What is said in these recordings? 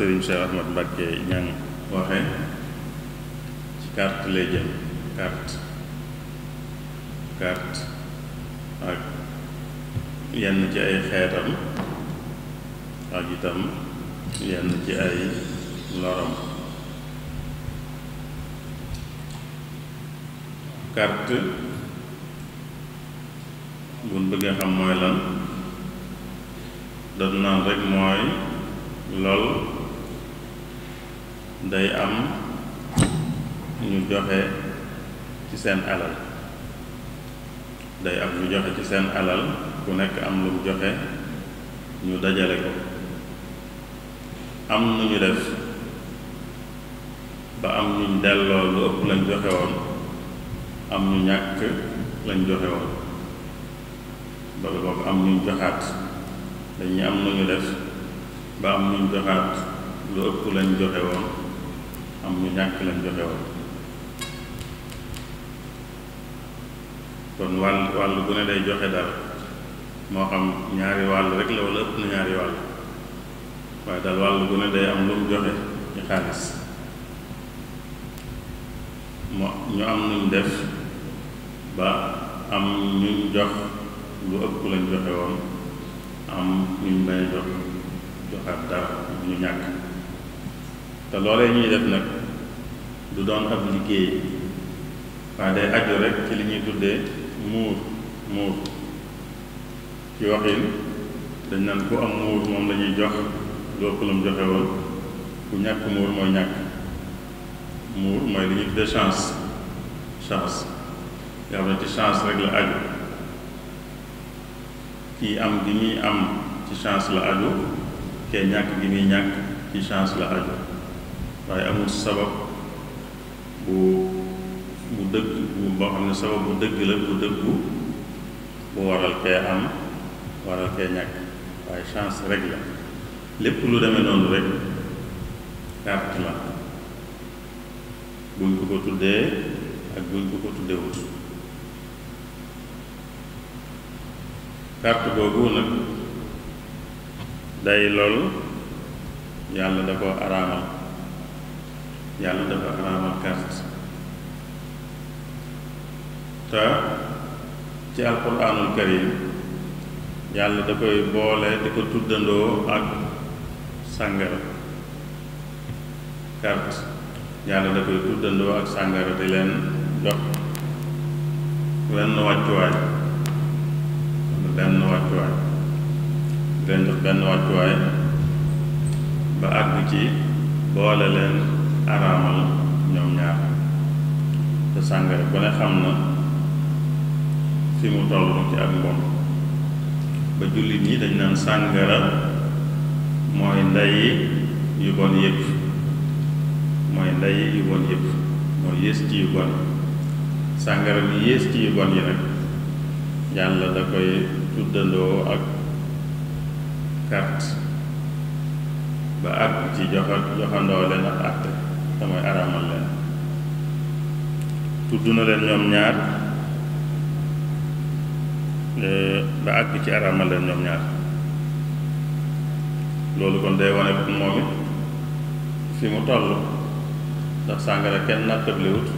Serigne Cheikh Ahmad Mbacke ñang waxee ci carte lay jëm carte carte ak yenn ci ay xeetam ak itam yenn ci ay loram carte buñ bëggee xam mooy lan doon naan rek mooy lool day am ñu joxe ci seen alal day am ñu joxe ci seen alal ku nekk am lu mu joxe ñu dajale ko am nu ñu def ba am ñu delloo lu ëpp lañ joxe woon am ñu ñàkk lañ joxe woon wala boobu am ñu joxaat dañuy am nu def ba am ñu joxaat lu ëpp lañ joxe woon am ñu ñàkk lañ joxe woon kon wàll wàll bu ne day joxe dara moo xam ñaari wàll rek la wala ëpp na ñaari wàll waaye dal wàll bu ne day am lu mu joxe ci xaalis moo ñu am nuñ def ba am ñuñ jox lu ëpp lañ joxe woon am ñuñ bañ jox joxaat dara ñu ñàkk te loolee ñuy def nag du doon ab liggéey waaye day aju rek ci li ñuy tuddee muur muur ci waxin dañ naan ku am muur moom la ñuy jox loo ko lam ku ñàkk muur mooy ñàkk muur mooy li ñuy tuddee chance chance nga xam ci chance rek la aju kii am gi muy am ci chance la aju kee ñàkk gi ñuy ñàkk ci chance la aju waaye amul sabab bu bu dëgg boo xam ne sabab bu dëgg la bu dëggu bu waral kee am waral kee ñàkk waaye chance rek la lépp lu deme noonu rek carte la buñ ko ko tuddee ak buñ ko ko tuddewut carte googu nag day lool yàlla da ko araamal yàlla dafa xaraamal carte te ci alquranul karim yàlla da koy boole di ko tuddandoo ak sàngara carte yàlla da koy tuddandoo ak sàngara di leen jox benn wàccuwaay benn wàccuwaay di leen jox benn wàccuwaay ba àgg ci boole leen araamal ñoom ñaar te sàngara ba ne xam na fi mu toll ci ak mbon ba jullit ñi dañ naan sàngara mooy ndey yu bon yëpp mooy ndey yu bon yëpp mooy yées ci yu bon sàngara bi yées ci yu bon yi nag yàlla da koy tuddandoo ak carte ba àgg ci joxa joxandoo leen ak damay araamal leen tudd na leen ñoom ñaar ba àgg ci araamal leen ñoom ñaar loolu kon day wane ko moom it fi mu toll ndax sàngara kenn nattablewut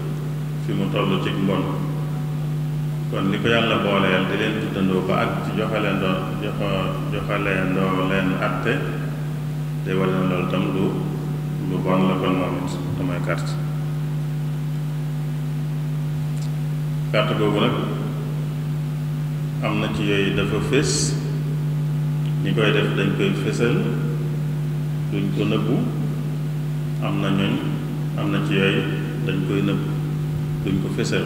fi mu toll ci mbon kon li ko yàlla booleel di leen tuddandoo ba àgg ci joxe leen doon joxe joxe leen doo leen àtte day wane na loolu tam lu lu bon la kon moom it damay carte carte boobu nag am na ci yooyu dafa fés ñi koy def dañ koy fésal duñ ko nëbbu am na ñooñ am na ci yooyu dañ koy nëbbu duñ ko fésal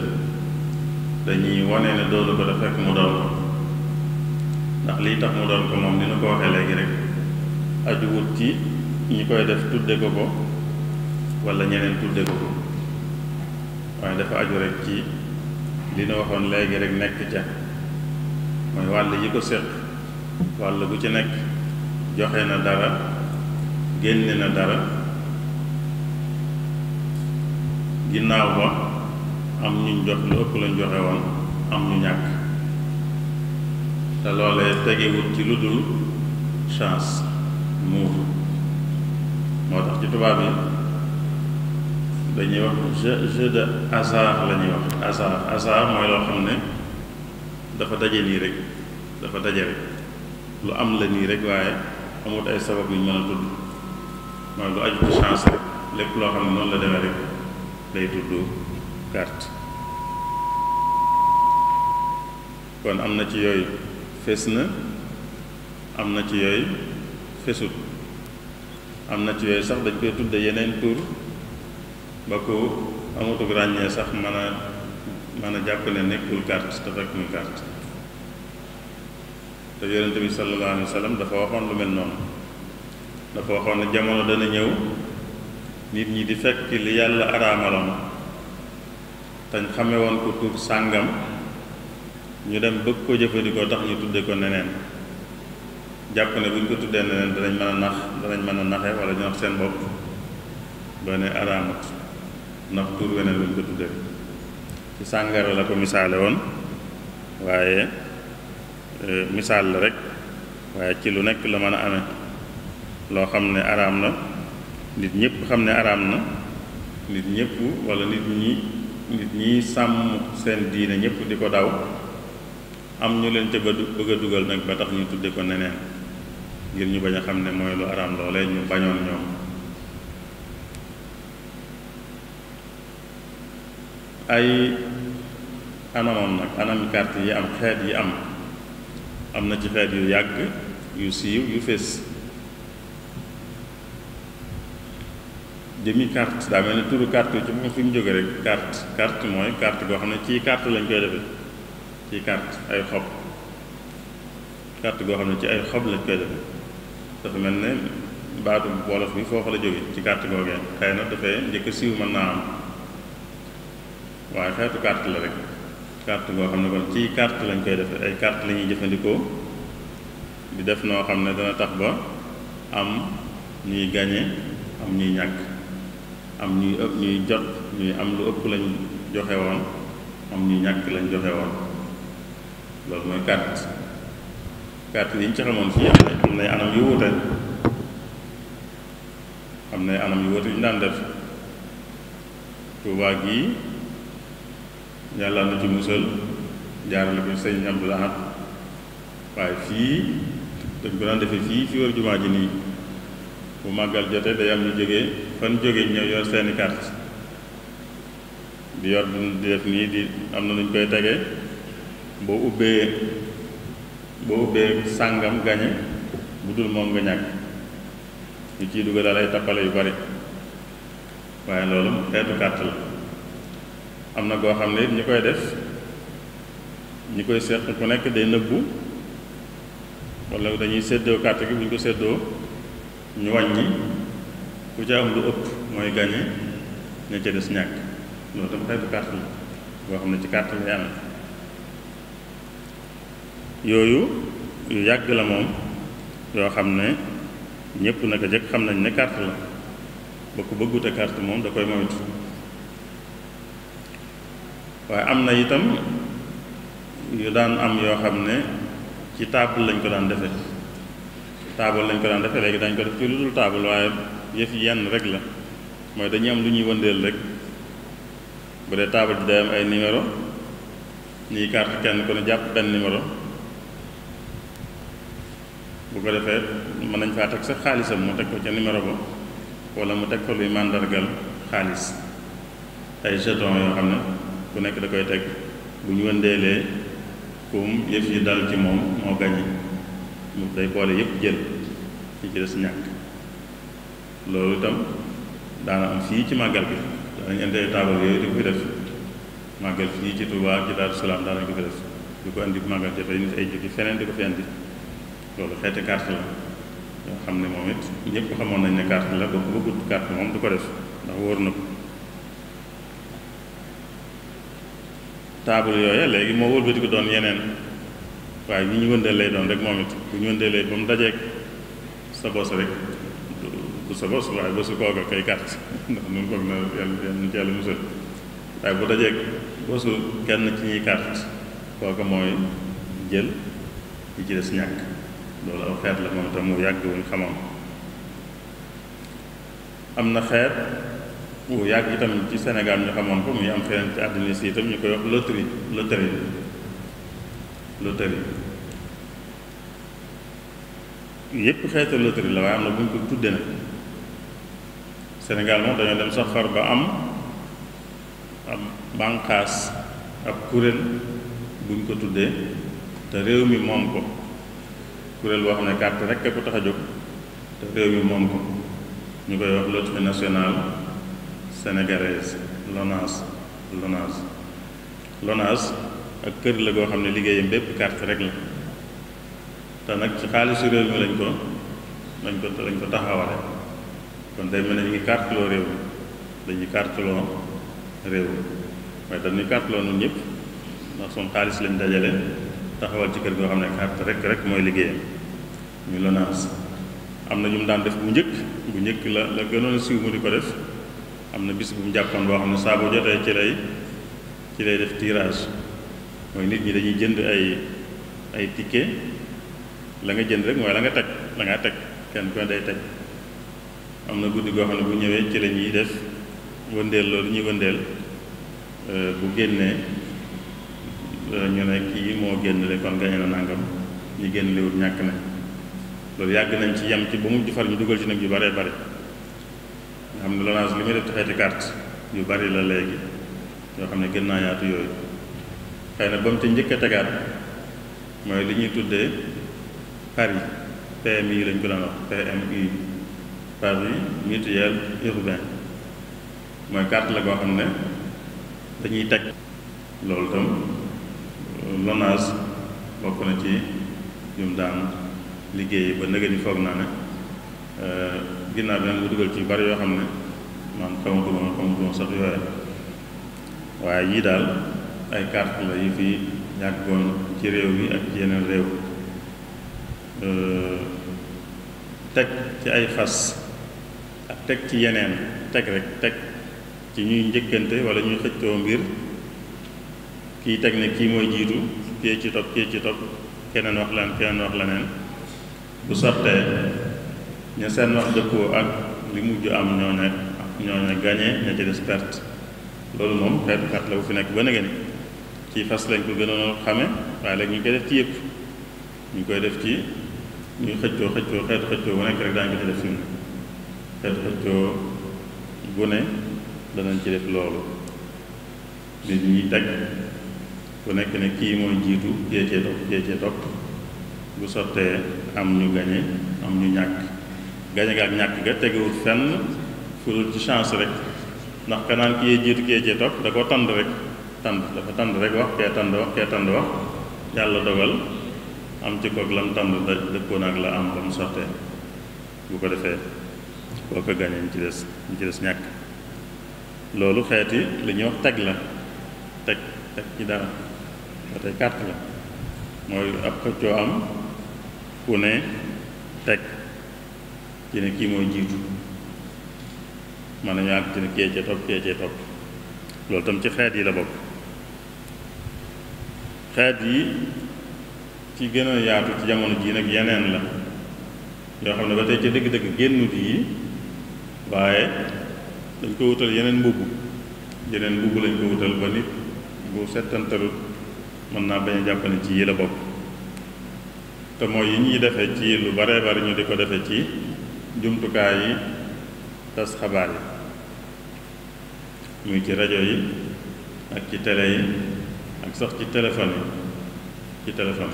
dañuy wane ne doolu ko dafa fekk mu doon ndax liy tax mu doon ko moom ni nu ko waxee léegi rek aju wut ci ñi koy def tudde ko ko walla ñeneen tudde ko ko waaye dafa aju ci li nu waxoon léegi rek nekk ca mooy wàll yi ko séq wàll bu ci nekk joxe na dara génne na dara ginnaaw ba am ñuñ jox lu ëpp lañ joxe woon am ñu ñàkk te loolee tegewut ci lu dul chance muur moo tax ci tubaab yi dañuy wax jeu jeu de hasard la ñuy wax hasard hasard mooy loo xam ne dafa daje nii rek dafa daje lu am la nii rek waaye amut ay sabab yu ñu mën a tudd mooy lu aju chance rek lépp loo xam ne noonu la demee rek day tudd carte kon am na ci yooyu fés na am na ci yooyu fesut am na ci yooyu sax dañ koy tudde yeneen tur ba ko amutug ràññee sax mën a mën a jàpp ne nekkul carte te fekk muy carte te bi sallallahu alayhi wa dafa waxoon lu mel noonu dafa waxoon ne jamono dana ñëw nit ñi di fekk li yàlla araamaloon dañ ñu xame woon ko tur sàngam ñu dem bëgg ko jëfandikoo tax ñu tudde ko neneen jàpp ne bu ñu ko tuddee neneen danañ mën a nax danañ mën a naxe wala ñu seen bopp ba ne araamat ndax tur weneen luñ ko tuddee ci sàngara la ko misaale woon waaye e, misaal la rek waaye ci lu nekk la mën a amee loo xam ne araam na nit ñëpp xam ne araam na nit ñëpp wala nit ñi nit ñi sàmm seen diine ñëpp di ko daw am ñu leen ca bëgg a dugal nag ba tax ñu tudde ko neneen ngir ñu bañ a xam ne mooy lu araam loolee ñu bañoon ñoom ay anamam nag anami carte yi am xeet yi am am na ci xeet yu yàgg yu siiw yu fés jëmi carte daa mel ni turu carte yi ci boppam fi mu jóge rek carte carte mooy carte goo xam ne ci carte lañ koy defee ci carte ay xob carte goo xam ne ci ay xob lañ koy defee dafa mel ne baatu wolof bi foofa la jóge ci carte googee xëy na dafay njëkk siiw mën naa am waaye xeetu carte la rek carte goo xam ne kon ci carte lañ koy defee ay carte la ñuy jëfandikoo di def noo xam ne dana tax ba am ñuy gañe am ñuy ñàkk am ñuy ëpp ñuy jot ñuy am lu ëpp lañu joxe woon am ñuy ñàkk lañ joxe woon loolu mooy carte perte yi ñu ci xamoon fii am nay anam yu wuute am nay anam yu wuute ñu daan def Tuubaa gi yàlla na ci musal jaarale ko sëñ Abdul Ahad waaye fii dañ ko daan defee fii fi wër jumaa ji nii bu màggal jotee day am ñu jógee fan jóge ñëw yor seeni carte di yor di def nii di am na nuñ koy tege boo ubbee boo ubbee sàngam gañe bu dul moom nga ñàkk ñu ciy dugalal ay tappale yu bari waaye loolu xeetu kàtt la am na goo xam ne it ñi koy def ñi koy seq ku nekk day nëbbu walla dañuy seddoo kàtt gi bu ñu ko séddoo ñu wàññi ku ca am lu ëpp mooy gañe ña des ñàkk loolu tam xeetu kàtt la goo xam ne ci kàtt la yàlla yooyu yu yàgg la moom yoo xam ne ñëpp naka jëkk xam nañ ne carte la ba ku bëggute carte moom da koy moytu waaye am na itam yu daan am yoo xam ne ci table lañ ko daan defe table lañ ko daan defe léegi dañ ko def ci lu dul table waaye yëf yenn rek la mooy dañuy am lu ñuy wëndeel rek bu dee taabal bi day am ay numéro ñuy carte kenn ku ne jàpp benn numéro bu ko defee mën nañ faa teg sax xaalisam mu teg ko ca numéro ba wala mu teg ko luy màndargal xaalis ay jeton yoo xam ne ku nekk da koy teg bu ñu wëndeelee kum yëf yi dal ci moom moo gañe mu day boole yëpp jël ñi ci des ñàkk loolu itam daana fii ci màggal bi daanañ indee taabal yooyu di ko fi def màggal fii ci Touba ci Daaru Salaam daanañ ko fi def di ko indi màggal jafe nit ay jóge feneen di ko fi loolu xeeti carte la yoo xam ne moom it ñëpp xamoon nañ ne carte la ba bëggut carte moom du ko def ndax wóor na ko taabal yooya léegi moo wëlbati ko doon yeneen waaye ñu ñu wëndeel lay doon rek moom it bu ñu wëndeelee ba mu dajeeg sa bos rek du sa bos waaye bosu kooka kay carte ndax nun foog na yàlla nu ci yàlla musal waaye bu dajeeg bosu kenn ci ñuy carte kooka mooy jël yi ci des ñàkk loolu aw xeet la moom itam mu yàgg wuñ xamoon am na xeet wu yàgg itam ci senegal ñu xamoon ko muy am feneen ci àddina si itam ñu koy wax loterie loterie loterie yépp xeetu loterie la waaye am na buñ ko tuddee nag Sénégal moom dañoo dem sax far ba am am bànqaas ab kuréel buñ ko tuddee te réew mi moom ko kuréel boo xam ne carte rek a ko tax a jóg te réew mi moom ko ñu koy wax loterie nationale sénégalaise LONASE LONASE LONASE ak kër la goo xam ne liggéeyam bépp carte rek la te nag ci xaalisu réew mi lañ ko lañ ko lañ ko taxawale kon day mel ne ñu ngi carteloo réew mi dañuy carteloo réew mi waaye dañuy carteloo ñun ñëpp ndax suñ xaalis lañ dajale taxawal ci kër goo xam ne carte rek rek mooy liggéeyam ñu lonaas am na ñu mu daan def bu njëkk bu njëkk la la gënoon siiw mu di ko def am na bis bu mu jàppoon boo xam ne saa jotee ci lay ci lay def tirage mooy nit ñi dañuy jënd ay ay ticket la nga jënd rek mooy la nga teg la ngaa teg kenn ko day teg am na guddi goo xam ne bu ñëwee ci la ñuy def wëndeel loolu ñuy wëndeel euh, bu génnee Euh, ñu ne kii moo génn le kon gañe na nangam ñi génn liwut ñàkk nañ loolu yàgg nañ ci yem ci ba mu defar ñu dugal ci nag yu baree bare nga xam ne Lonase li muy def ci xeeti carte yu bari la léegi yoo xam ne gën naa yaatu yooyu xëy na ba mu ca njëkk a tegaat mooy li ñuy tudde Paris PMI lañ ko daan wax PMI Paris mutuel urbain mooy carte la koo xam ne dañuy teg loolu tam Lonase bokk na ci yum daan liggéey ba nëgë ni foog naa ne euh, ginnaaw bi nag mu dugal ci bari yoo xam ne man xamatu ma xamatu ma sax waaye yii daal ay carte la yu fi yàggoon ci réew mi ak yeneen réew euh, teg ci ay fas ak teg ci yeneen teg rek teg ci ñuy njëkkante wala ñuy xëccoo mbir kii teg ne kii mooy jiitu kii ci topp kii ci topp keneen wax lan keneen wax leneen bu sottee ña seen wax dëkkoo ak li mujj am ñooña ñooña gañe ña ci des perte loolu moom xeetu xat la bu fi nekk ba nga ni ci fas lañ ko gën a xame waaye léegi ñu koy def ci yëpp ñu koy def ci ñu xëccoo xëccoo xeetu xëccoo bu nekk ci def fi xeetu xëccoo bu ne danañ ci def loolu nit ñi teg ku nekk ne kii mooy jiitu kee cee topp kee cee topp bu sottee am ñu gañe am ñu ñàkk gañe nga ak ñàkk ga tegewul fenn fu dul ci chance rek ndax kanaan kii jiitu kee cee topp da ko tànd rek tànd dafa tànd rek wax kee tànd wax kee tànd wax yàlla dogal am ci la lam tànd da dëppoon ak la am ba mu sottee bu ko defee koo ko gañee ñu ci des ñu ci des ñàkk loolu xeeti li ñuy wax teg la teg teg ci dara ba tey carte la mooy ab xëccoo am ku ne teg ci ne kii mooy jiitu mën nañu àgg ci ne kee cee topp kee cee topp loolu tam ci xeet yi la bokk xeet yi ci gën a yaatu ci jamono jii nag yeneen la yoo xam ne ba tey ci dëgg-dëgg génnut yi waaye dañ ko wutal yeneen mbubb yeneen mbubb lañ ko wutal ba nit bu settantalut mën naa bañ a jàpp ne ci yi la bokk te yi ñuy defee ci lu baree bari ñu di ko defe ci jumtukaay yi tas xabaar yi muy ci rajo yi ak ci télé yi ak sax ci téléphone yi ci téléphone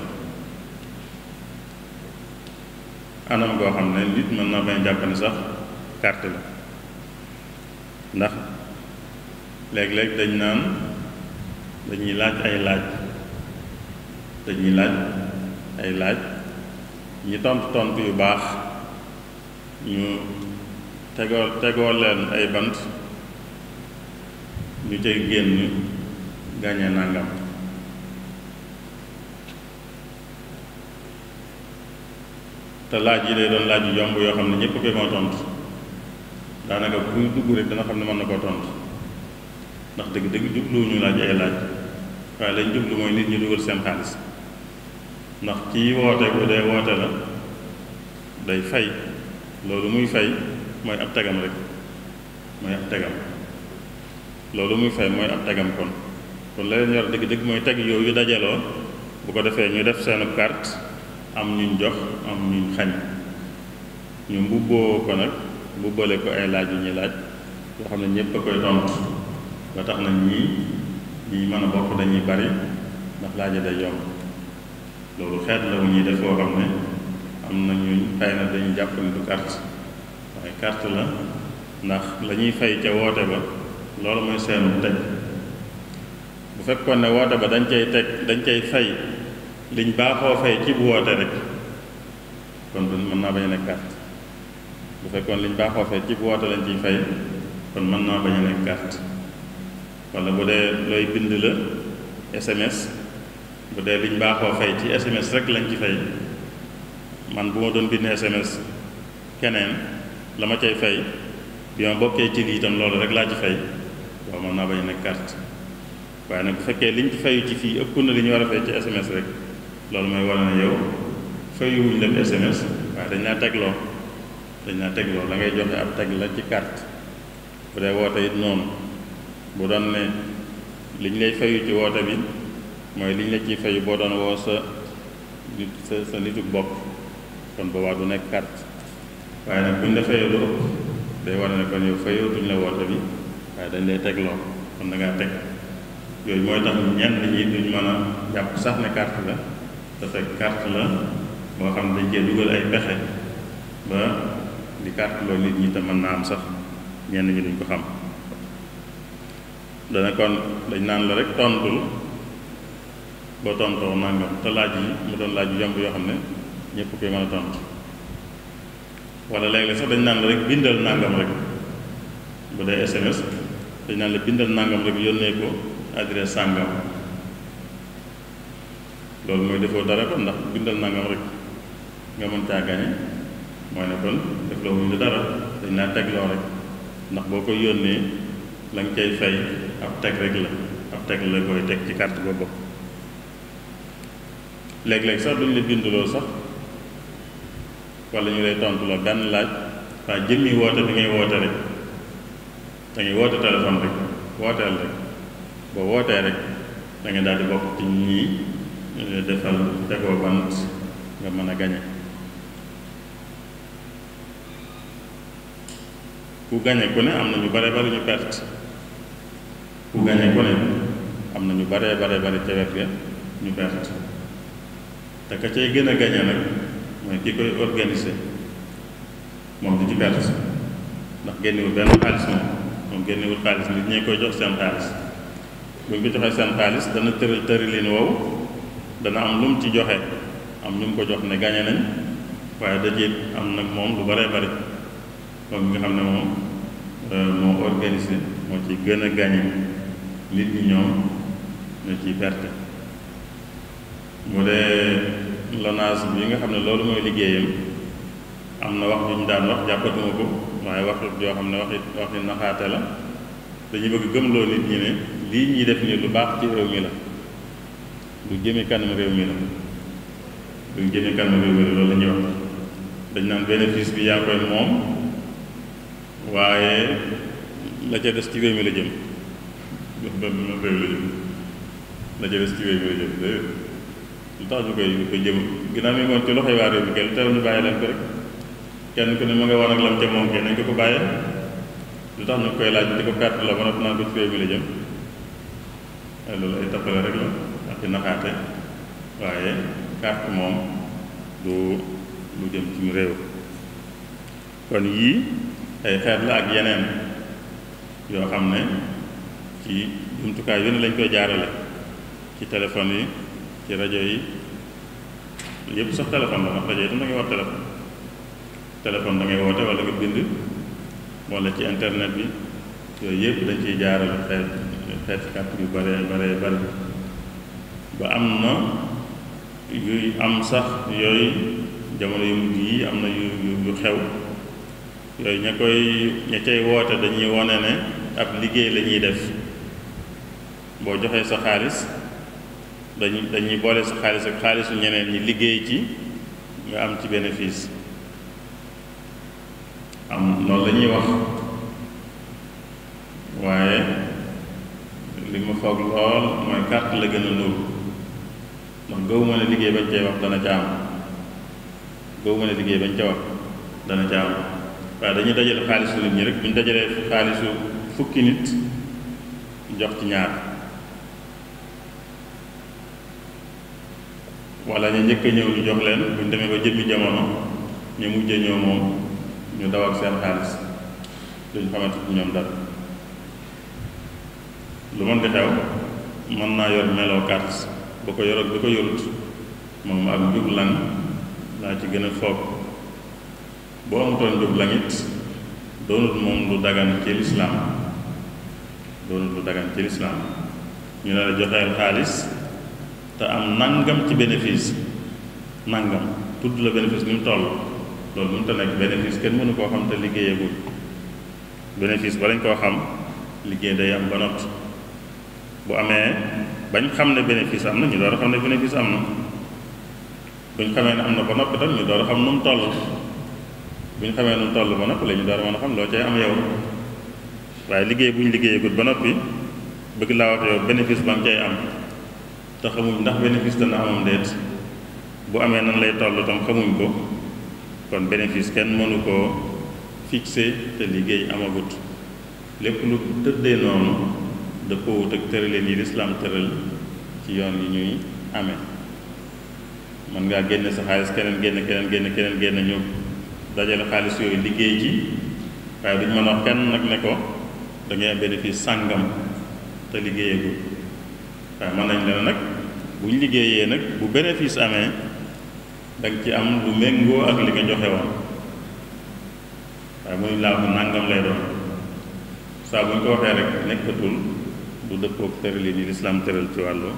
anam goo xam ne nit mën naa bañ a sax carte la ndax léeg-léeg dañ naan dañuy laaj ay laaj dañuy laaj ay laaj ñi tontu tont yu baax ñu tegoo tegoo leen ay bant ñu cay génn gàññee nangam te laaj yi day doon laaj yu yomb yoo xam ne ñépp koy moo tontu daanaka bu ñu dugg rek dana xam ne mën na koo tontu ndax dëgg dëgg jubluwuñu laaj ay laaj waaye lañ jublu mooy nit ñi dugal seen xaalis ndax kii woote bu dee woote la day fay loolu muy fay mooy ab tegam rek mooy ab tegam loolu muy fay mooy ab tegam kon kon la yor dëgg dëgg mooy teg yooyu dajaloo bu ko defee ñu def seenu kart am ñuñ jox am ñuñ xañ ñu mbubboo ko nag mbubbale ko ay laaj yu ñuy laaj yoo xam ne ñépp a koy tontu ba tax na ñii ñuy mën a bokk dañuy bari ndax laaja day yomb loolu xeet la wu ñuy def woo xam ne am na ñu xëy na dañu jàpp ne du carte waaye carte la ndax lañuy ñuy fay ca woote ba loolu mooy seenu teg bu fekkoon ne woote ba dañ cay teg dañ cay fay liñ baaxoo fay ci bu woote rek kon du mën naa bañ a nekk carte bu fekkoon liñ baaxoo fay ci bu woote lañ ciy fay kon mën naa bañ a nekk carte wala bu dee looy bind la SMS. bu dee biñ baaxoo fay ci SMS rek lañ ci fay man bu ma doon bind SMS keneen la ma cay fay bi ma bokkee ci lii itam loolu rek laa ci fay waaw mën naa bañ a carte waaye nag bu fekkee liñ ci fayu ci fii ëpp na li ñu war a fay ci SMS rek loolu mooy war na yow fayuwuñ dem SMS waaye dañ laa tegloo dañ laa tegloo da ngay joxe ab teg la ci carte bu dee woote it noonu bu doon ne liñ lay fayu ci woote bi. mooy liñ la ciy fay boo doon woo sa nit sa sa nituk bopp kon boobaa du nekk carte waaye nag buñ la fayee lu day war ne kon yow fayoo duñ la woote bi waaye dañ lay teg loo kon da ngaa teg yooyu mooy tax ñenn ñi duñ mën a jàpp sax ne carte la te fekk carte la boo xam ne dañ cee dugal ay pexe ba di carte loolu nit te mën naa am sax ñenn ñi duñ ko xam dana dañ naan la rek tontul boo tontoo nangam te laaj yi mu doon laaj yu yomb yoo xam ne ñëpp koy mën a tontu wala léeg-léeg sax dañ naan la rek bindal nangam rek bu dee SMS dañ naan la bindal nangam rek yónnee ko adresse sàngam loolu mooy defoo dara kon ndax bindal nangam rek nga mën caa mooy ne def loo wuñ la dara dañ naa teg loo rek ndax boo koy yónnee la nga cay fay ab teg rek la ab teg la koy teg ci carte boobu. léeg-léeg sax duñ la binduloo sax wala ñu lay tontuloo benn laaj waaye jëmmi woote bi ngay woote rek da ngay woote téléphone rek wooteel rek boo wootee rek da nga daal di bokk ci ñii eh, defal tegoo bant nga mën a gañe ku gañe ku ne am na ñu bare bari ñu perte ku gañe ne am na ñu bare bare bari ca ñu perte te ka cay gën a gañe nag mooy ki koy organisé moom du ci perte ndax génnewul benn xaalis moom génnewu génnewul xaalis nit ñee koy jox seen xaalis bu ñu ko joxee seen xaalis dana tëral tëralin woowu dana am lu ci joxe am ñu ko jox ne gañe nañ waaye dajee am nag moom lu baree bari moom nga xam ne moom euh, moo organisé moo ci gën a gañe nit ñi ñoom ñoo ciy perte bu dee lonaas bi nga xam ne loolu mooy liggéeyam am na wax ju ñu daan wax jàppatuma ko waaye wax joo xam ne wax wax ni naxaate la dañu bëgg gëmloo nit ñi ne lii ñuy def nii lu baax ci réew mi la lu jëme kanam réew mi la lu jëme kanam réew la dañ naan bénéfice bi yaa koy moom waaye la ca des ci réew mi la jëm ba la ca des ci réew mi la jëm lu tax ñu koy ñu koy jëm ginnaaw mi ngoon ci loxo waa réew mi kenn teew ñu bàyyi leen ko rek kenn ku ne ma nga war ak lam ca moom nañ ko ko bàyyee lu tax ñu koy laaj di ko perte la ba naan ko ci la eh, waaye carte moom du lu jëm ci réew kon yii ay xeet la ak yeneen yoo xam ne ci jumtukaay yu ne lañ koy jaarale ci téléphone yi ci rajo yi yëpp sax téléphone la rajo yi tam da ngay war téléphone téléphone woote wala nga bind wala ci internet bi yooyu yëpp dañ ciy jaarale xeet xeet kàpp yu bare bare bare ba am na yuy am sax yooyu jamono yu mujj yi am na yu yu xew yooyu ña koy ña cay woote dañuy wone ne ab liggéey lañuy ñuy def boo joxee sa xaalis dañu dañuy boole sa xaalis ak xaalisu ñeneen ñi liggéey ci nga am ci bénéfice am loolu la wax waaye li ma foog lool mooy carte la gën a nuru ndax gëwuma ne liggéey bañ cay wax dana ca am gëwuma ne liggéey bañ ca wax dana ca waaye dañuy dajale xaalisu nit ñi rek bu ñu dajalee xaalisu fukki nit jox ci ñaar wala ñu njëkk a ñëw ñu jox leen buñ demee ba jëmmi jamono ñu mujjee ñëw moom ñu daw ak seen xaalis duñ xamante ci ñoom dara lu mën di xew mën naa yor meloo carte ba ko yor ak bi ko yorut moom ak njub lan laa ci gën a foog boo amutoon njub lan it doonut moom lu dagan ci lislaam doonut lu dagan ci lislaam ñu ne la joxeel xaalis te am nangam ci bénéfice nangam tudd la bénéfice ni mu toll loolu mënut a nekk bénéfice kenn mënu koo xam te liggéeyagul bénéfice ba lañ koo xam liggéey day am ba not bu amee bañ xam ne bénéfice am na ñu door a xam ne bénéfice am na buñ xamee ne am na ba nopp tam ñu door a xam nu mu toll buñ xamee nu mu toll ba noppi la ñu door a mën a xam loo cay am yow waaye liggéey bu ñu liggéeyagul ba noppi bëgg laa wax yow bénéfice ba nga cay am. te xamuñ ndax bénéfice dana amam déet bu amee nan lay toll tam xamuñ ko kon bénéfice kenn mënu koo fixé te liggéey amagut lépp lu tëddee noonu dëppoowut ak tëraleen yi lislaam tëral ci yoon yi ñuy amee mën ngaa génne sa xaalis keneen génn keneen génn keneen génn ñu dajale xaalis yooyu liggéey ci waaye duñ mën a wax kenn nag ne ko da ngay am bénéfice sàngam te liggéeyagul waaye mën nañ leen nag bu ñu liggéeyee nag bu bénéfice amee danga ci am lu méngoo ak li nga joxe woon waaye mënuñ laa ko nàngam lay doon saa bu ñu ko waxee rek nekkatul du dëppoog tërali ni lislaam tëral ci wàllu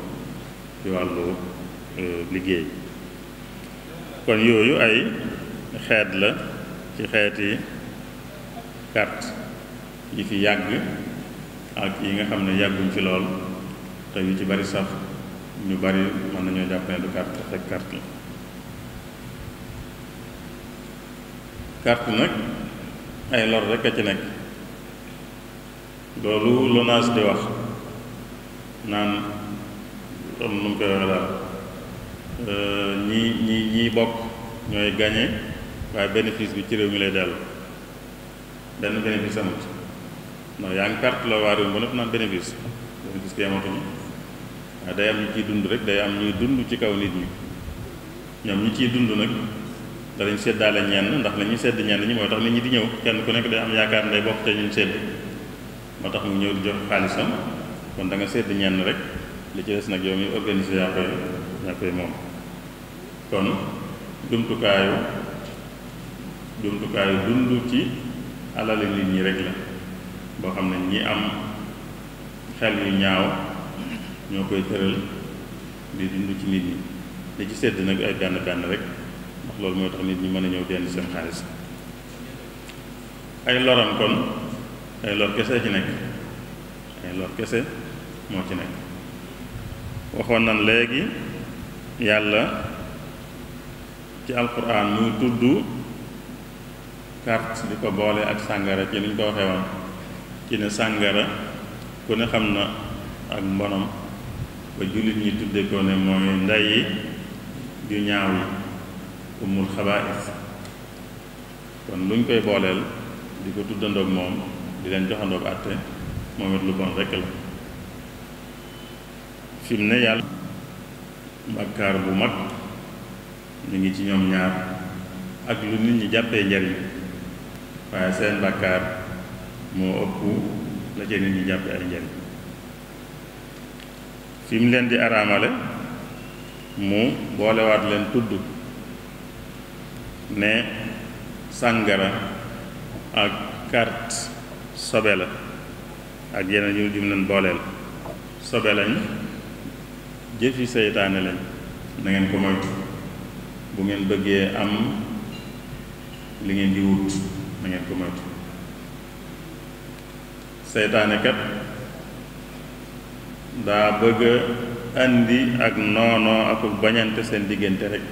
ci wàllu euh, liggéey kon yooyu ay xeet la ci xeeti carte yi fi yàgg ak yi nga xam ne yàgguñ ci lool te yu ci bari sax ñu bari mën nañoo jàpp ne du kart fekk carte la carte nag ay lor rek a ci nekk loolu LONASE di wax naan am nu mu koy waxee daal euh, ñi ñi ñi bokk ñooy gañe waaye bénéfice bi ci réew mi lay dellu benn bénéfice amut non yaa ngi carte la waa réew mi naan bénéfice bénéfice bi day am ñu ciy dund rek day am ñuy dund ci kaw nit ñi ñoom ñi ciy dund nag danañ seddaale ñenn ndax la ñuy sedd ñenn ñi mooy tax nit ñi di ñëw kenn ku nekk day am yaakaar ne day bokk te ñun sedd moo tax mu ñëw di jox xaalisam kon danga sedd ñenn rek li ci des nag yow mi organisé yaa koy yaa koy moom kon jumtukaayu jumtukaayu dund ci alali nit ñi rek la boo xam ne ñi am xel yu ñaaw ñoo koy tëral di dund ci nit ñi li ci sedd nag ay benn benn rek ndax loolu moo tax nit ñi mën a ñëw denn seen xaalis ay loram kon ay lor kese ci nekk ay lor kese moo ci nekk waxoon nan léegi yàlla ci alquran muy tudd carte di ko boole ak sàngara ci niñ ko waxee ci ne sàngara ku ne xam na ak mbonam ba jullit ñi tudde ko ne mooy yi ju ñaaw yi umul xabaais kon luñ koy booleel di ko tuddandoog moom di leen joxandoog àtte moom it lu bon rekk la fi mu ne yàlla bàkkaar bu mag mu ngi ci ñoom ñaar ak lu nit ñi jàppee njariñ waaye seen bàkkaar moo ëpp la ci nit ñi jàppee ay njariñ fi mu leen di araamale mu boolewaat leen tudd ne sàngara ak carte sobe la ak yeneen yu jum leen booleel sobe lañ jëfi seytaane lañ na ngeen ko moytu bu ngeen bëggee am li ngeen di wut na ko moytu seytaane kat daa bëgg indi ak noonoo ak bañante seen diggante rek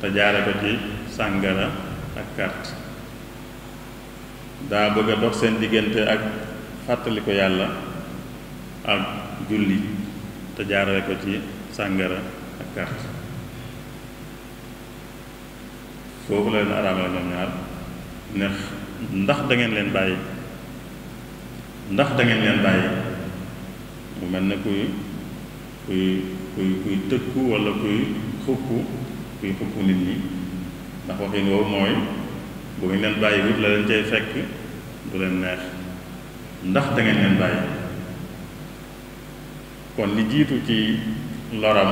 te jaare ko ci sàngara ak carte daa bëgga a dox seen diggante ak fàttali ko yàlla ak julli te jaarale ko ci sàngara ak carte foofu la leen araamale ñoom ñaar neex ndax da ngeen leen bàyyi ndax da leen bàyyi mu mel na kuy kuy kuy kuy tëkku wala kuy xukku kuy xukku nit ñi ndax waxin woowu mooy bu ngeen leen wut la leen cay fekk du leen neex ndax da leen bàyyi kon li jiitu ci loram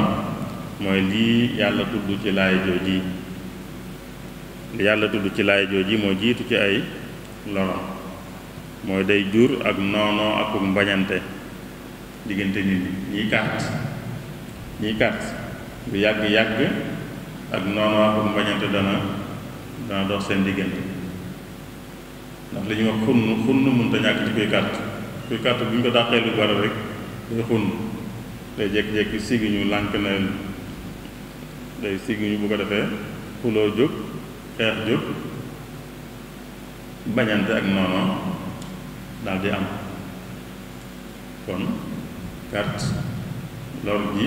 mooy lii yàlla tudd ci laay jooji li yàlla tudd ci laay jooji moo jiitu ci ay loram mooy day jur ak noonoo ak mbañante diggante nit ñi ñiy carte ñiy carte bu yàgg-yàgg ak noonu waa ko mbañante dana dox seen diggante ndax li ñuy wax xunn xunn mënta ñàkk ci kuy carte kuy carte bu ñu ko dàqee lu bara rek day xunn day jékki-jékki siguñu lànk na day siguñu bu ko defee xuloo jóg xeex jóg bañante ak noonu daal am kon gàtt lor ji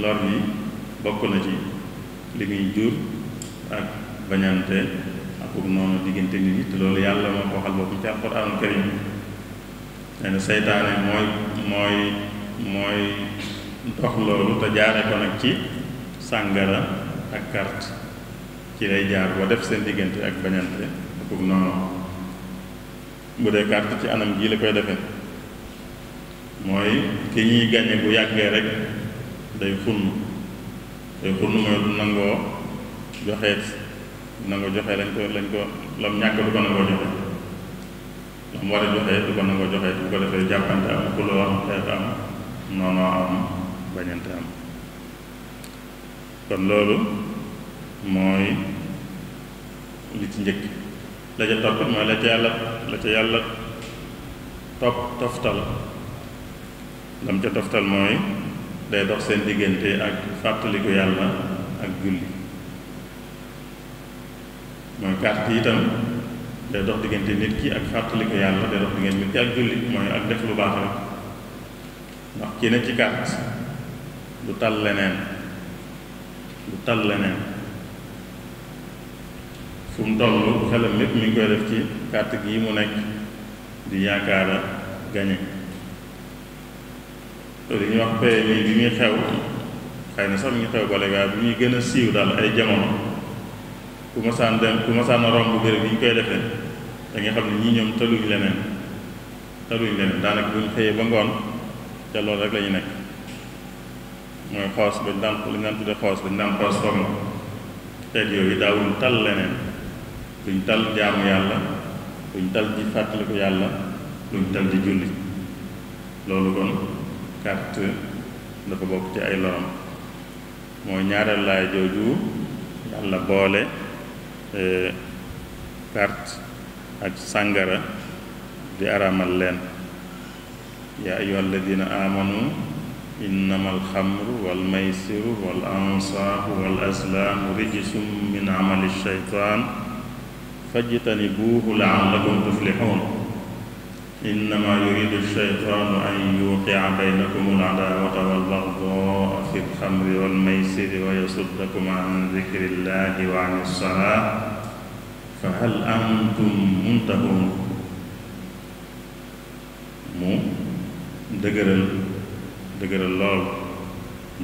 lor yi bokk na ci li muy jur ak bañante ak noonu diggante nit ñi te loolu yàlla moo ko waxal boobu ci alxuraanul karim nee na seytaane mooy mooy mooy dox loolu te jaare ko nag ci sàngara ak carte ci lay jaar ba def seen diggante ak bañante ak noonu bu dee carte ci anam jii la koy defee mooy ki ñuy gàññe bu yàggee rek day xunn day xunn mooy du nangoo joxeet nangoo joxe lañ ko lañ ko lam ñàkk du ko nangoo joxe lam war a joxe du ko nangoo joxe bu ko defee jàppante am xuloo am xeex am noonoo am bañante am kon loolu mooy li ci njëkk la ca topp mooy la ca yàlla la ca yàlla topp toftal lam ca toftal mooy day dox seen diggante ak fàttaliku yàlla ak julli mooy carte yi itam day dox diggante nit ki ak fàttaliku yàlla day dox diggante nit ki ak julli mooy ak def lu baax rek ndax kii ne ci carte tal leneen du tal leneen fu mu toll xelam lépp mi ngi koy def ci carte gii mu nekk di yaakaara gañe li ñuy wax paye lii bi muy xew xëy na sax mi ngi xew ba bi muy gën a siiw daal ay jamono ku masaan dem ku masaan romb béréb yi ñu koy da nga xam ne ñii ñoom leneen taluñ leneen daanaka buñ xëyee ba ngoon loolu rek la ñu nekk mooy xoos bañ daan lañ daan tudde xoos bañ daan xoos foog na xeet yooyu daawuñ tal leneen duñ tal jaamu yàlla duñ tal di fàttaliku yàlla duñ tal di julli loolu kon carte dafa bokk ci ay loram mooy ñaareel laay jooju la boole eh, carte ak sàngara di araamal leen yaa ayyuha dina amanu innama alxamru walmaysiru wal ansaabu wal aslaamu rijsum min amali shaytaan fajtanibuuhu laallakum tuflixuun innama yuridu shaytaanu an yuqia baynakum al-adaawata wal-bagdaa l-xamri wal-maysiri wa yasuddakum an dikri llaahi wa ani fa hal antum muntahuun mu dëgëral dëgëral lool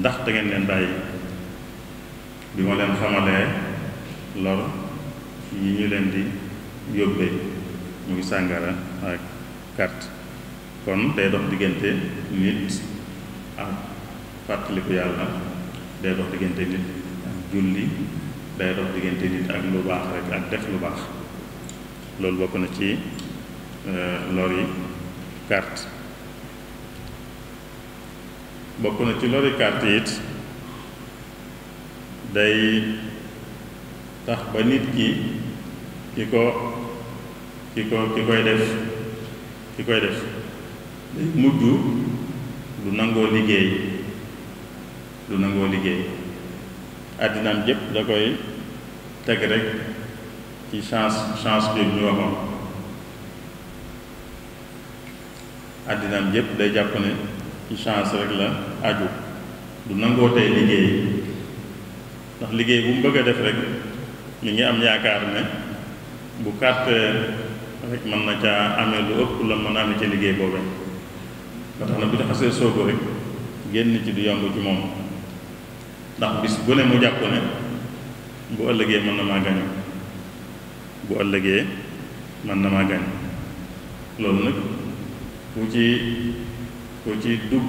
ndax da leen bàyyi bi ma leen xamalee lor yi ñu leen di yóbbee muy sàngara ak carte kon day dox diggante nit ak fàttaliku yàlla day dox diggante nit ak julli day dox diggante nit ak lu baax rek ak def lu baax loolu bokk na ci euh, lor yi bokk na ci lori carte it day tax ba nit ki ki ko ki ko ki koy def ki koy def mujj du nangoo liggéey du nangoo liggéey àddinam jëpp da koy teg rek ci chance chance bi ñu waxoon àddinaam jëpp day jàpp ne ci chance rek la aju du nangoo tey liggéey ndax liggéey bu mu bëgg a def rek mi ngi am yaakaar ne bu carte mën na caa amee lu ëpp la mën a amee ci liggéey boobee ba tax na bu taxasee soobu rek génn ci du yomb ci moom ndax bis bu ne mu jàpp ne bu ëllëgee mën na maa gañu loolu nag ku ci ku ci dugg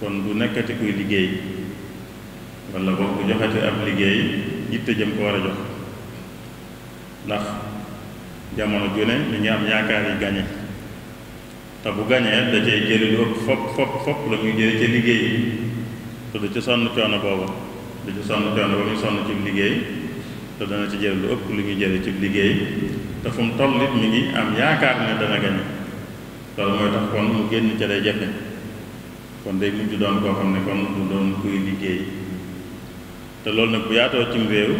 kon du nekkati kuy liggéey walla boog bu joxati ab liggéey yitte jëm ko war a jox ndax jamono ju ne li ñu am yaakaar yi gañe te bu gañee da cay jëli lu ëpp fopp fopp fopp la ñuy jëlee liggéey yi te du ci sonn coono booba du ci sonn coono ba muy sonn ci liggéey te dana ci jël lu ëpp lu ñuy jëlee ci liggéey te fu mu nit mi ngi am yaakaar ne dana gañe loolu mooy tax kon mu génn ca day jafe kon day mujj doon koo xam ne kon du doon kuy liggéey te loolu nag bu yaatoo cim réew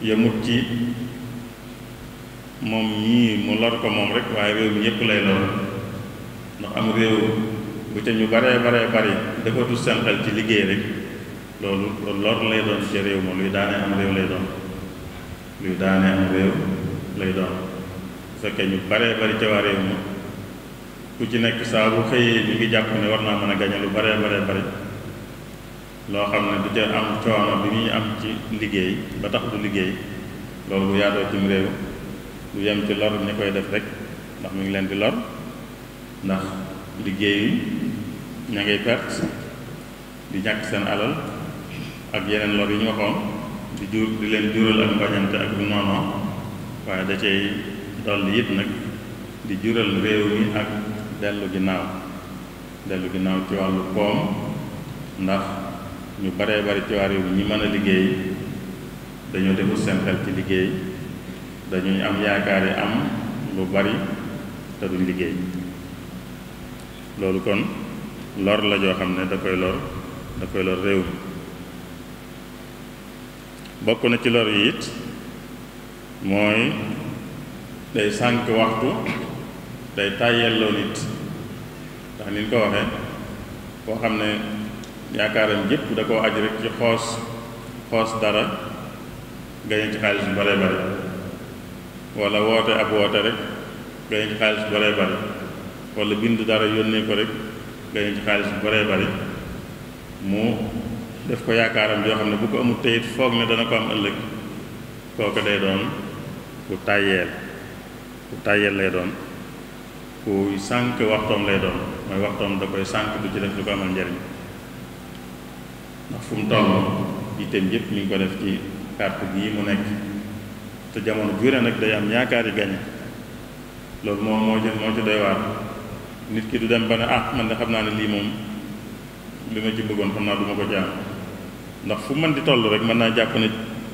yamut ci moom ñii mu lor ko moom rek waaye réew mi yëpp lay lor ndax am réew bu ca ñu baree baree bari defatu seen xel ci liggéey rek loolu lor lay doon ci réew ma luy daane am réew lay doon luy daane lay doon fekkee ñu baree bari ca waa réew ma ku ci nekk saa bu xëyee ñu ngi jàpp ne war naa mën a gañe lu baree baree bari loo xam ne du ca am coono bi muy am ci liggéey ba tax du liggéey loolu bu yaatoo ci réew du yem ci lor ñi koy def rek ndax mi ngi leen di lor ndax liggéeyu ña ngay perte di ñàkk seen alal ak yeneen lor yu ñu waxoon di jur di leen jural ak mbañante ak lu noonoo waaye da cay dolli it nag di jural réew mi ak dellu ginnaaw dellu ginnaaw ci wàllu koom ndax ñu baree bari ci waa réew ñi mën a liggéey dañoo deful seen xel ci liggéey dañuy am yaakaar yi am lu bari te duñ liggéey loolu kon lor la joo xam ne da koy lor da lor réew mi bokk na ci lor yi it mooy day sànq waxtu day tàyyelloo nit ndax ni ko waxee koo xam ne yaakaaram yépp da koo aj rek ci xoos xoos dara gañe ci xaalis bu bare wala woote ak woote rek gañe ci xaalis bu baree bari wala bind dara yónnee ko rek gañe ci xaalis bu baree bari mu def ko yaakaaram yoo xam ne bu ko amul teyit foog ne dana ko am ëllëg kooku day doon ku tàyyeel ku tàyyeel lay doon ku sànq waxtoom lay doon mooy waxtoom da koy sànq du ci def lu ko amal njariñ ndax fu mu toll itam yépp mi ngi ko def ci carte gii mu nekk te jamono jure nag day am yaakaar yi gañe loolu moom moo jën moo ci doy waar nit ki du dem ba ne ah man de xam naa ne lii moom li ma ci bëggoon xam naa du ko jaam ndax fu mën di toll rek mën naa jàpp ne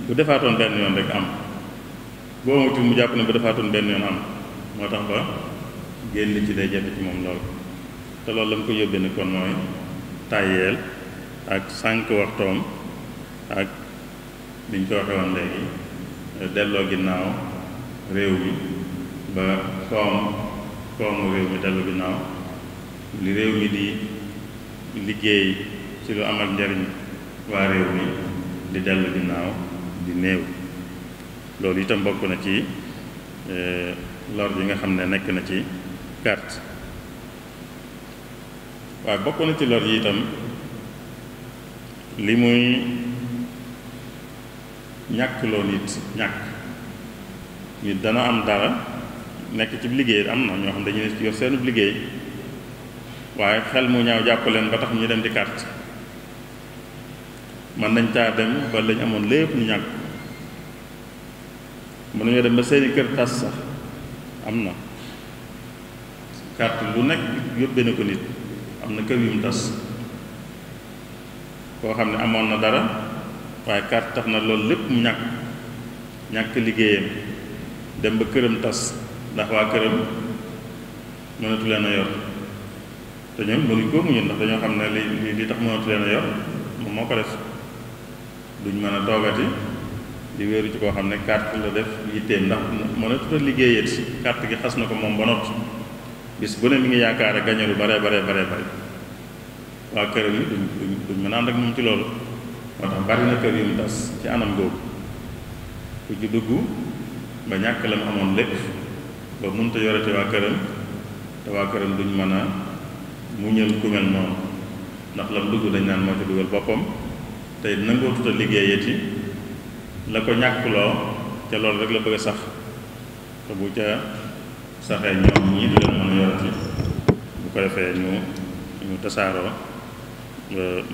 bu defaatoon benn yoon rek am boo amatul mu jàpp ne bu defaatoon benn yoon am moo tax ba génn ci day jafe ci moom lool te loolu la mu ko yóbbee ni kon mooy tàyyeel ak sànq waxtoom ak liñ ko waxee woon léegi delloo ginnaaw réew mi ba koom koomu réew mi dellu ginnaaw li réew mi di liggéey ci lu amal njariñ waa réew mi di dellu ginnaaw di néew loolu itam bokk na ci eh, lor yi nga xam ne nekk na ci carte waaye bokk na ci lor yi itam li muy ñàkkloo nit ñàkk nit dana am dara nekk ci liggéey am na ñoo xam ne dañu ne yor seenub liggéey waaye xel mu ñaaw jàpp leen ba tax ñu dem di kart man nañ caa dem ba lañ amoon lépp ñu ñàkk mën nañoo dem ba seeni kër tas sax am na carte bu nekk yóbbee na ko nit am na kër yu tas koo xam ne amoon na dara waaye carte tax na loolu lépp mu ñàkk ñàkk liggéeyam dem ba këram tas ndax waa këram mënatu leen a yor te ñoom mënuñ koo muñu ndax dañoo xam ne li li tax mënatu leen a yor moom moo ko def duñ mën a toogati di wéeru ci koo xam ne carte la def yitteem ndax mënatu la liggéeyat si carte gi xas na ko moom ba noppi bis bu ne mi ngi yaakaar a gañe lu bare bare bare bare waa këram yi duñ duñ duñ mën a moom ci loolu moo tax bari na kër yi mu tas ci anam googu ku ci duggu ba ñàkk la mu amoon lépp ba munta yorete waa këram te waa këram duñ mën a mu ku mel noonu ndax lam dugg dañ naan moo ci dugal boppam tey nangoo tuta liggéeyati la ko ñàkkuloo ca loolu rek la bëgg a sax te bu ca saxee ñoom ñii du leen mën a yorati bu ko defee ñu ñu tasaaroo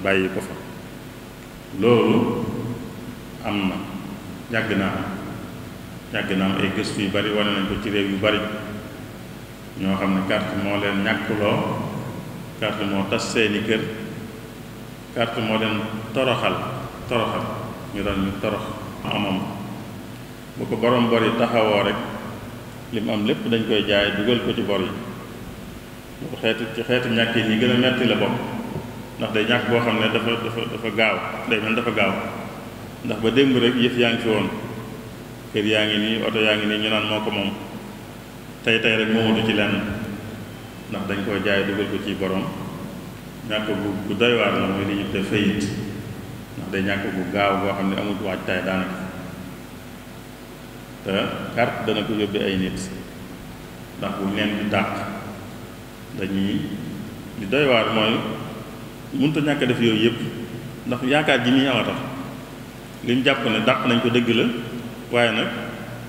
bàyyi ko fa loolu am na yàgg naa am yàgg naa am ay gëstu yu bari wane nañ ko ci réew yu bari ñoo xam ne carte moo leen ñàkkuloo carte moo tas seeni kër carte moo leen toroxal toroxal ñu doon ñu torox amam bu ko borom bor yi taxawoo rek li mu am lépp dañ koy jaay dugal ko ci bor yi bu ko xeeti ci xeeti ñàkk yi gën a metti la bokk ndax day ñàkk boo xam ne dafa dafa dafa gaaw day mel dafa gaaw ndax ba démb rek yëf yaa ngi fi woon kër yaa ngi nii oto yaa ngi nii ñu naan moo ko moom tey tey rek moomutu ci lenn ndax dañ koo jaay dugal ko ci borom ñàkk bu bu doy waar la muy li ñu def fayit ndax day ñàkk bu gaaw boo xam ne amut waajtaay daanaka te carte dana ko ay nit ndax bu leen di dàq dañuy li mooy mënut a ñàkk def yooyu yëpp ndax yaakaar ji muy am a tax li jàpp ne dàq nañ ko dëgg la waaye nag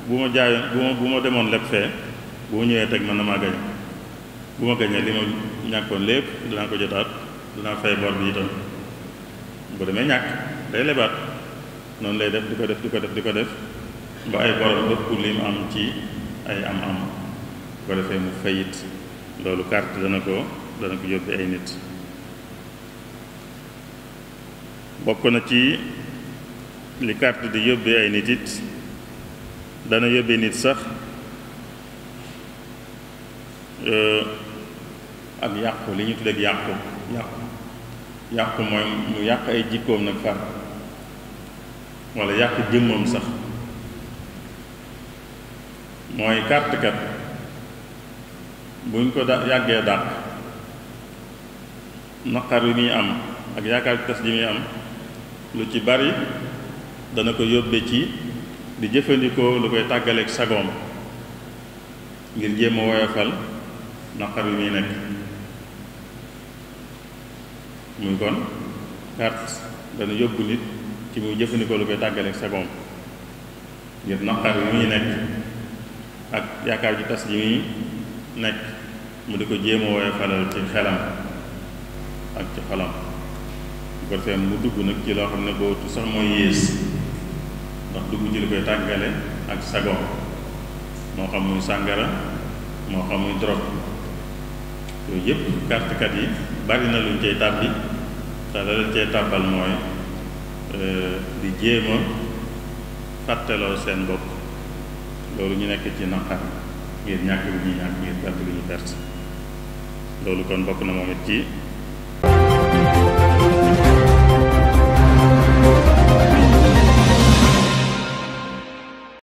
bu ma jaayoon bu ma bu ma demoon leb fee bu ma ñëwee teg man na maa gañe bu ma gañee li ma ñàkkoon lépp dinaa ko jotaat dinaa fay bi itam bu demee ñàkk day lebaat noonu lay def di ko def di ko def di ko def ay borom lépp li mu am ci ay am am bu ko defee mu fayit loolu carte dana ko dana ko yóbbi ay nit bokk na ci li carte di yóbbee ay nit it dana yóbbee nit sax eh, ak yàqu li ñu tuddee yàqu yàqu yàqu mooy mu yàq ay jikkoom nag far walla yàq jëmmam sax mooy carte kat buñ ko da yàggee dàq naqar wi muy am ak yaakaar tas ji muy am lu ci bari dana ko yóbbe ci di jëfandikoo lu koy tàggaleek sagon ngir jéem a woyofal naqar wi muy nekk muy kon carte dana yóbbu nit ci muy jëfandikoo lu koy tàggaleeg sagoom ngir naqar wi muy nekk ak yaakaar ju tas ji muy nekk mu di ko jéem a woyofalal ci xelam ak ci xolam bu ko mu dugg nag ci loo xam ne boobu sax mooy yées ndax dugg ci li koy tàggale ak sagoom moo xam muy sàngara moo xam muy drogue yooyu yëpp kartkat yi bari na luñ cay tàbbi te la leen cay tàbbal mooy eh, di jéema fàtteloo seen bopp loolu ñu nekk ci naqar ngir ñàkk bi ñuy ñàkk ngir perte bi ñu perte loolu kon bokk na moom it ci